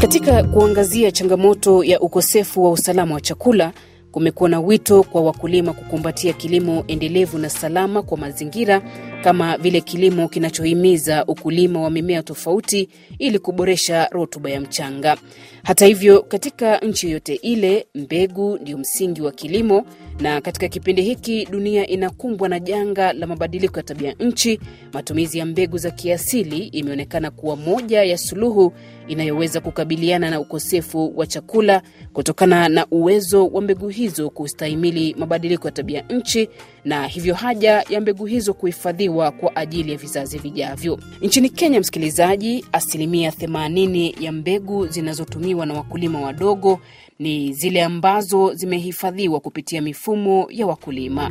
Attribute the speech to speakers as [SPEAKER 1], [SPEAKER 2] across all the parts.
[SPEAKER 1] Katika kuangazia changamoto ya ukosefu wa usalama wa chakula, kumekuwa na wito kwa wakulima kukumbatia kilimo endelevu na salama kwa mazingira kama vile kilimo kinachohimiza ukulima wa mimea tofauti ili kuboresha rutuba ya mchanga. Hata hivyo, katika nchi yoyote ile, mbegu ndio msingi wa kilimo, na katika kipindi hiki dunia inakumbwa na janga la mabadiliko ya tabia nchi, matumizi ya mbegu za kiasili imeonekana kuwa moja ya suluhu inayoweza kukabiliana na ukosefu wa chakula kutokana na uwezo wa mbegu hizo kustahimili mabadiliko ya tabia nchi na hivyo haja ya mbegu hizo kuhifadhiwa kwa ajili ya vizazi vijavyo. Nchini Kenya, msikilizaji, asilimia 80 ya mbegu zinazotumiwa na wakulima wadogo ni zile ambazo zimehifadhiwa kupitia mifumo ya wakulima.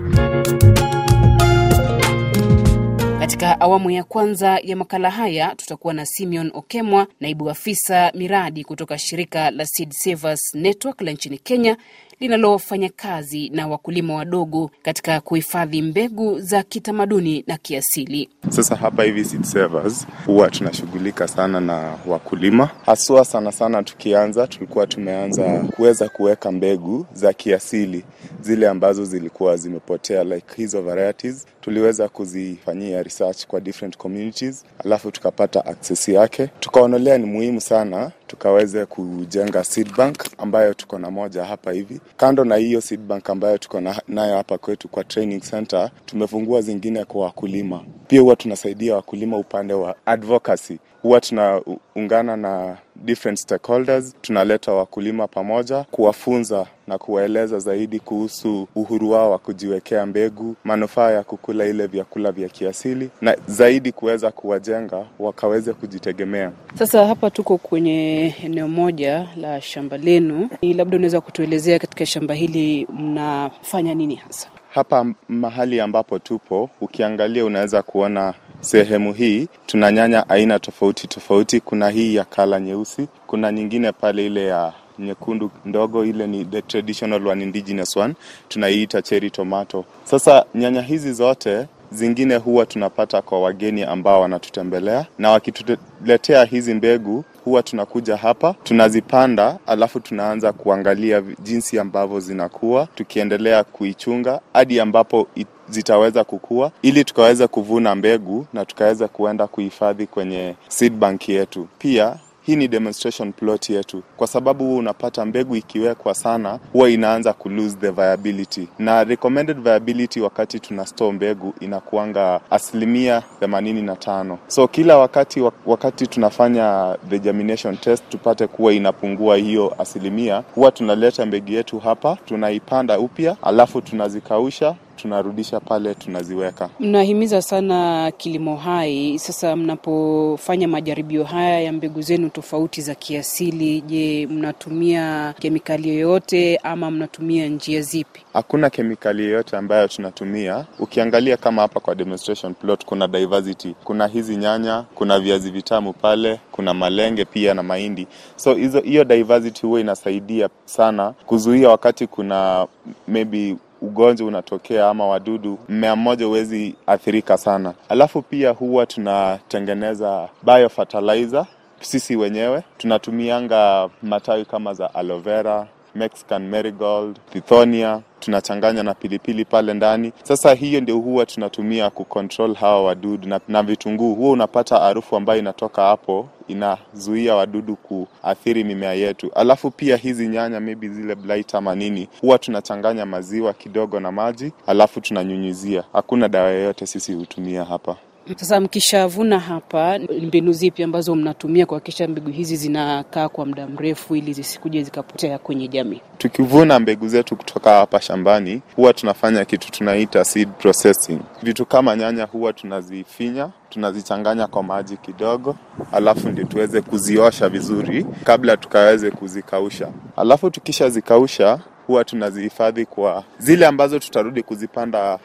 [SPEAKER 1] Katika awamu ya kwanza ya makala haya tutakuwa na Simeon Okemwa, naibu afisa miradi kutoka shirika la Seed Savers Network la nchini Kenya, linalofanya kazi na wakulima wadogo katika kuhifadhi mbegu za kitamaduni na kiasili.
[SPEAKER 2] Sasa hapa hivi Seed Savers huwa tunashughulika sana na wakulima haswa, sana sana tukianza, tulikuwa tumeanza kuweza kuweka mbegu za kiasili zile ambazo zilikuwa zimepotea, like hizo varieties tuliweza kuzifanyia research kwa different communities, alafu tukapata access yake, tukaonelea ni muhimu sana tukaweze kujenga seed bank ambayo tuko na moja hapa hivi. Kando na hiyo seed bank ambayo tuko nayo hapa kwetu kwa training center, tumefungua zingine kwa wakulima pia. Huwa tunasaidia wakulima upande wa advocacy, huwa tunaungana na different stakeholders, tunaleta wakulima pamoja kuwafunza na kuwaeleza zaidi kuhusu uhuru wao wa kujiwekea mbegu, manufaa ya kukula ile vyakula vya kiasili na zaidi kuweza kuwajenga wakaweze kujitegemea.
[SPEAKER 1] Sasa hapa tuko kwenye eneo moja la shamba lenu, labda unaweza kutuelezea katika shamba hili mnafanya nini hasa?
[SPEAKER 2] Hapa mahali ambapo tupo, ukiangalia unaweza kuona Sehemu hii tuna nyanya aina tofauti tofauti. Kuna hii ya kala nyeusi, kuna nyingine pale ile ya nyekundu ndogo, ile ni the traditional one, indigenous one, tunaiita cherry tomato. Sasa nyanya hizi zote zingine huwa tunapata kwa wageni ambao wanatutembelea, na wakituletea hizi mbegu huwa tunakuja hapa tunazipanda, alafu tunaanza kuangalia jinsi ambavyo zinakuwa, tukiendelea kuichunga hadi ambapo zitaweza kukua, ili tukaweza kuvuna mbegu na tukaweza kuenda kuhifadhi kwenye seed bank yetu pia hii ni demonstration plot yetu, kwa sababu huwa unapata mbegu ikiwekwa sana huwa inaanza ku lose the viability, na recommended viability wakati tuna store mbegu inakuanga asilimia 85. So kila wakati wakati tunafanya the germination test tupate kuwa inapungua hiyo asilimia, huwa tunaleta mbegu yetu hapa, tunaipanda upya, alafu tunazikausha tunarudisha pale, tunaziweka.
[SPEAKER 1] Mnahimiza sana kilimo hai. Sasa mnapofanya majaribio haya ya mbegu zenu tofauti za kiasili, je, mnatumia kemikali yoyote ama mnatumia njia zipi?
[SPEAKER 2] Hakuna kemikali yoyote ambayo tunatumia. Ukiangalia kama hapa kwa demonstration plot, kuna diversity, kuna hizi nyanya, kuna viazi vitamu pale, kuna malenge pia na mahindi, so hizo hiyo diversity huwa inasaidia sana kuzuia wakati kuna maybe ugonjwa unatokea ama wadudu, mmea mmoja huwezi athirika sana. Alafu pia huwa tunatengeneza biofertilizer sisi wenyewe, tunatumianga matawi kama za aloe vera Mexican marigold, thithonia tunachanganya na pilipili pale ndani. Sasa hiyo ndio huwa tunatumia kucontrol hawa wadudu na, na vitunguu. Huwa unapata harufu ambayo inatoka hapo, inazuia wadudu kuathiri mimea yetu. Alafu pia hizi nyanya maybe zile blight ama nini, huwa tunachanganya maziwa kidogo na maji, alafu tunanyunyizia. Hakuna dawa yoyote sisi hutumia hapa.
[SPEAKER 1] Sasa mkishavuna hapa, mbinu zipi ambazo mnatumia kuhakikisha mbegu hizi zinakaa kwa muda mrefu ili zisikuje zikapotea kwenye jamii?
[SPEAKER 2] Tukivuna mbegu zetu kutoka hapa shambani, huwa tunafanya kitu tunaita seed processing. Vitu kama nyanya huwa tunazifinya tunazichanganya kwa maji kidogo, alafu ndio tuweze kuziosha vizuri kabla tukaweze kuzikausha. Alafu tukishazikausha huwa tunazihifadhi kwa zile ambazo tutarudi kuzipanda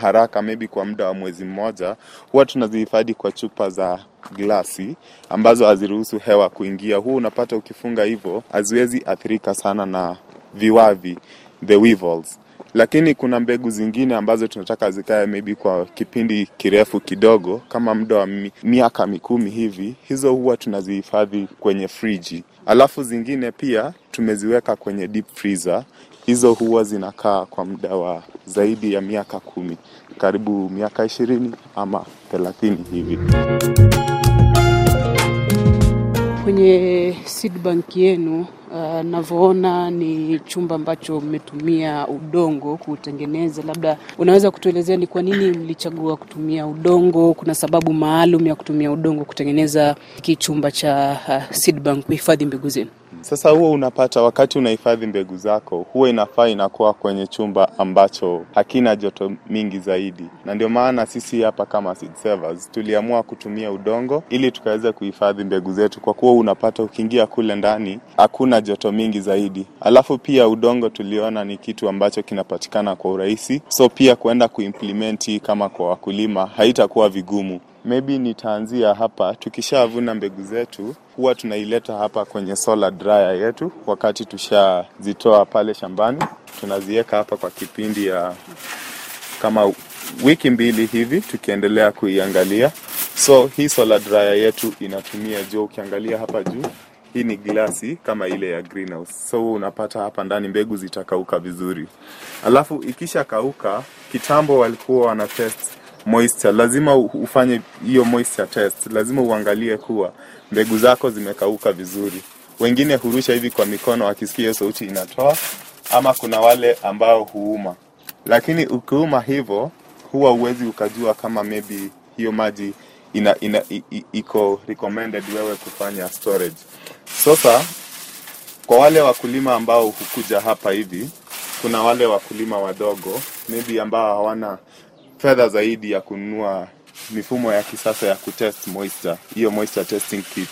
[SPEAKER 2] haraka maybe kwa muda wa mwezi mmoja, huwa tunazihifadhi kwa chupa za glasi ambazo haziruhusu hewa kuingia. Huu unapata ukifunga hivyo haziwezi athirika sana na viwavi the weevils. Lakini kuna mbegu zingine ambazo tunataka zikae maybe kwa kipindi kirefu kidogo, kama muda wa miaka mikumi hivi, hizo huwa tunazihifadhi kwenye friji. Alafu zingine pia tumeziweka kwenye deep freezer hizo huwa zinakaa kwa muda wa zaidi ya miaka kumi, karibu miaka ishirini ama thelathini hivi.
[SPEAKER 1] Kwenye seed bank yenu uh, navyoona ni chumba ambacho mmetumia udongo kuutengeneza. Labda unaweza kutuelezea ni kwa nini mlichagua kutumia udongo? Kuna sababu maalum ya kutumia udongo kutengeneza hiki chumba cha uh, seed bank kuhifadhi mbegu zenu?
[SPEAKER 2] Sasa huo unapata wakati unahifadhi mbegu zako, huwa inafaa inakuwa kwenye chumba ambacho hakina joto mingi zaidi, na ndio maana sisi hapa kama Seed Savers tuliamua kutumia udongo ili tukaweza kuhifadhi mbegu zetu, kwa kuwa unapata ukiingia kule ndani hakuna joto mingi zaidi. Alafu pia udongo tuliona ni kitu ambacho kinapatikana kwa urahisi, so pia kuenda kuimplementi kama kwa wakulima haitakuwa vigumu maybe nitaanzia hapa. Tukishavuna mbegu zetu, huwa tunaileta hapa kwenye solar dryer yetu. Wakati tushazitoa pale shambani, tunaziweka hapa kwa kipindi ya kama wiki mbili hivi, tukiendelea kuiangalia. So hii solar dryer yetu inatumia jua, ukiangalia hapa juu hii ni glasi kama ile ya greenhouse. So unapata hapa ndani mbegu zitakauka vizuri, alafu ikisha kauka, kitambo walikuwa wana test moisture, lazima ufanye hiyo moisture test, lazima uangalie kuwa mbegu zako zimekauka vizuri. Wengine hurusha hivi kwa mikono, akisikia sauti inatoa, ama kuna wale ambao huuma, lakini ukiuma hivyo huwa uwezi ukajua kama maybe hiyo maji ina, ina, i, i, iko recommended wewe kufanya storage. Sasa kwa wale wakulima ambao hukuja hapa hivi, kuna wale wakulima wadogo maybe ambao hawana fedha zaidi ya kununua mifumo ya kisasa ya kutest moisture, hiyo moisture testing kit.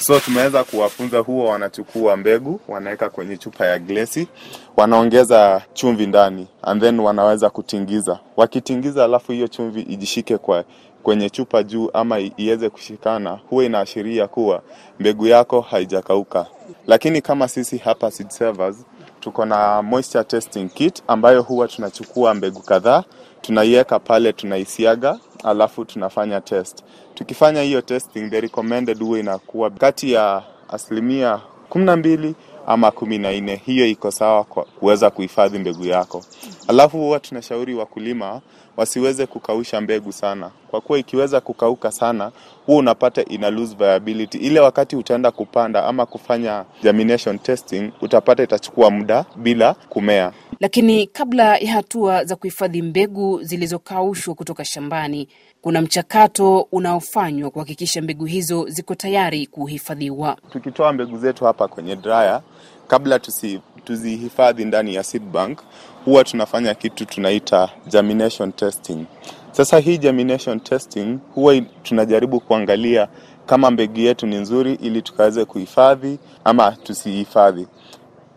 [SPEAKER 2] So tumeweza kuwafunza, huwa wanachukua mbegu wanaweka kwenye chupa ya glesi, wanaongeza chumvi ndani and then wanaweza kutingiza. Wakitingiza alafu hiyo chumvi ijishike kwa kwenye chupa juu ama iweze kushikana, huwa inaashiria kuwa mbegu yako haijakauka. Lakini kama sisi hapa seed servers tuko na moisture testing kit ambayo huwa tunachukua mbegu kadhaa tunaiweka pale, tunaisiaga alafu tunafanya test. Tukifanya hiyo testing, the recommended huwa inakuwa kati ya asilimia kumi na mbili ama kumi na nne. Hiyo iko sawa kuweza kuhifadhi mbegu yako. Alafu huwa tunashauri wakulima wasiweze kukausha mbegu sana, kwa kuwa ikiweza kukauka sana, huwa unapata ina lose viability. Ile wakati utaenda kupanda ama kufanya germination testing, utapata itachukua muda bila kumea.
[SPEAKER 1] Lakini kabla ya hatua za kuhifadhi mbegu zilizokaushwa kutoka shambani, kuna mchakato unaofanywa kuhakikisha mbegu hizo ziko tayari kuhifadhiwa.
[SPEAKER 2] Tukitoa mbegu zetu hapa kwenye dryer kabla tusi, tuzihifadhi ndani ya seed bank huwa tunafanya kitu tunaita germination testing. Sasa hii germination testing huwa tunajaribu kuangalia kama mbegu yetu ni nzuri ili tukaweze kuhifadhi ama tusihifadhi.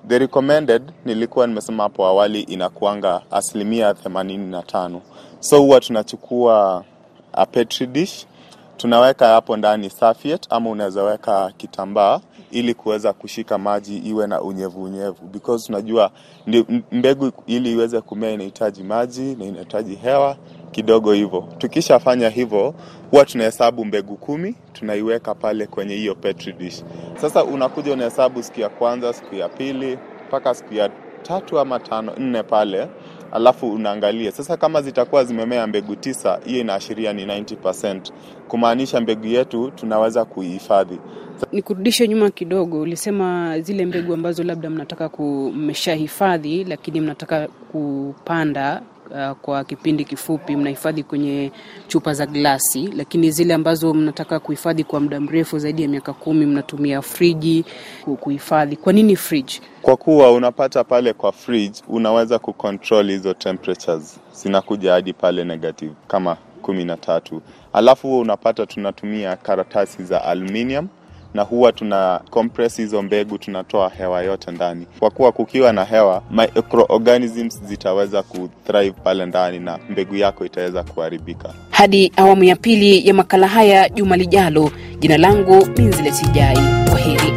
[SPEAKER 2] The recommended nilikuwa nimesema hapo awali inakuanga asilimia themanini na tano. So huwa tunachukua a petri dish tunaweka hapo ndani safiet ama unaweza weka kitambaa ili kuweza kushika maji iwe na unyevu unyevu, because tunajua mbegu ili iweze kumea inahitaji maji na inahitaji hewa kidogo. Hivyo tukishafanya hivyo, huwa tunahesabu mbegu kumi, tunaiweka pale kwenye hiyo petri dish. Sasa unakuja unahesabu siku ya kwanza, siku ya pili, mpaka siku ya tatu ama tano nne pale alafu unaangalia sasa, kama zitakuwa zimemea mbegu tisa, hiyo inaashiria ni 90%, kumaanisha mbegu yetu tunaweza kuihifadhi.
[SPEAKER 1] Nikurudishe nyuma kidogo, ulisema zile mbegu ambazo labda mnataka mmeshahifadhi, lakini mnataka kupanda uh, kwa kipindi kifupi mnahifadhi kwenye chupa za glasi, lakini zile ambazo mnataka kuhifadhi kwa muda mrefu zaidi ya miaka kumi mnatumia friji kuhifadhi. Kwa nini friji?
[SPEAKER 2] Kwa kuwa unapata pale kwa friji unaweza kucontrol hizo temperatures zinakuja hadi pale negative kama kumi na tatu, alafu huo unapata tunatumia karatasi za aluminium na huwa tuna compress hizo mbegu, tunatoa hewa yote ndani, kwa kuwa kukiwa na hewa microorganisms zitaweza kuthrive pale ndani na mbegu yako itaweza kuharibika.
[SPEAKER 1] Hadi awamu ya pili ya makala haya juma lijalo. Jina langu Minziletijai, kwa heri.